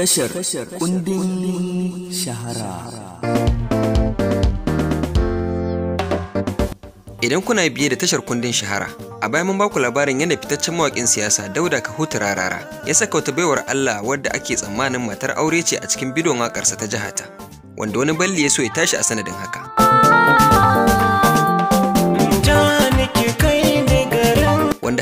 tashar kundin shahara idan kuna biye da tashar kundin shahara a baya mun baku labarin yadda fitaccen mawakin siyasa dauda Kahuta rarara ya saka wata baiwar allah wadda ake tsammanin matar aure ce a cikin bidon wakarsa ta jihata wanda wani balli ya so ya tashi a sanadin haka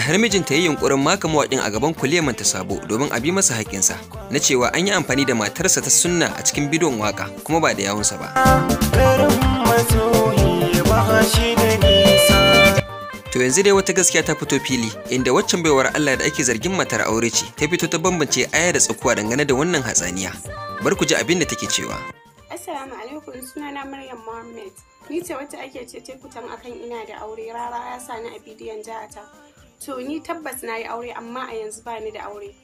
har mijinta ya yunkurin maka mawaɗin a gaban kuleman ta sabo domin a bi masa haƙƙinsa na cewa an yi amfani da matarsa ta sunna a cikin bidon waka kuma ba da yawunsa ba. To yanzu dai wata gaskiya ta fito fili inda waccan baiwar Allah da ake zargin matar aure ce ta fito ta bambance aya da tsakuwa dangane da wannan hatsaniya. Bar ku ji abin da take cewa. Assalamu alaikum sunana Maryam Muhammad. Ni ce wacce ake ce kutan akan ina da aure rara ya sani a bidiyon jihata. to ni tabbas na yi aure amma a yanzu ba ni da aure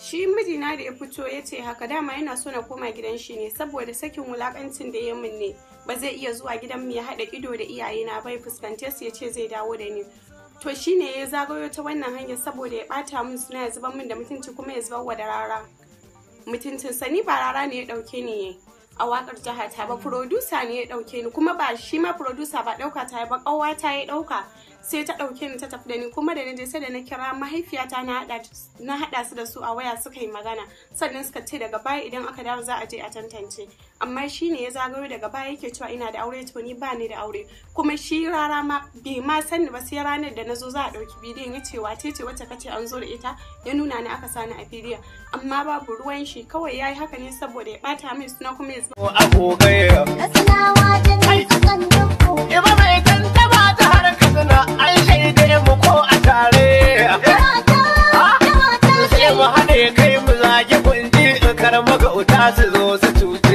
shi mijina da ya fito ya ce haka dama yana so na koma gidan shi ne saboda sakin wulakancin da ya min ne ba zai iya zuwa gidan mu ya haɗa ido da iyayena bai fuskantar su ya ce zai dawo da ni to shi ne ya zagayo ta wannan hanyar saboda ya bata min suna ya zuba min da mutunci kuma ya zubar wa da rara mutuncin sani ba rara ne ya ɗauke ni a wakar jihata ba producer ne ya ɗauke ni kuma ba shi ma producer ba ɗauka ta ba ƙauwa ta ya ɗauka. sai ta ɗauke ni ta tafi da ni kuma da je sai da na kira mahaifiyata na haɗa su da su a waya suka yi magana sannan suka ce daga baya idan aka dawo za a je a tantance amma shi ne ya zagayo daga baya yake cewa ina da aure to ni ba ni da aure kuma shi rara ma bai ma sani ba sai ranar da na zo za a ɗauki bidiyon ya ce wace ce wacce kace an zo da ita ya nuna ni aka sani a bidiyon amma babu ruwan shi kawai yayi haka ne saboda ya bata mai suna kuma ya zama. 'yan magauta su zo su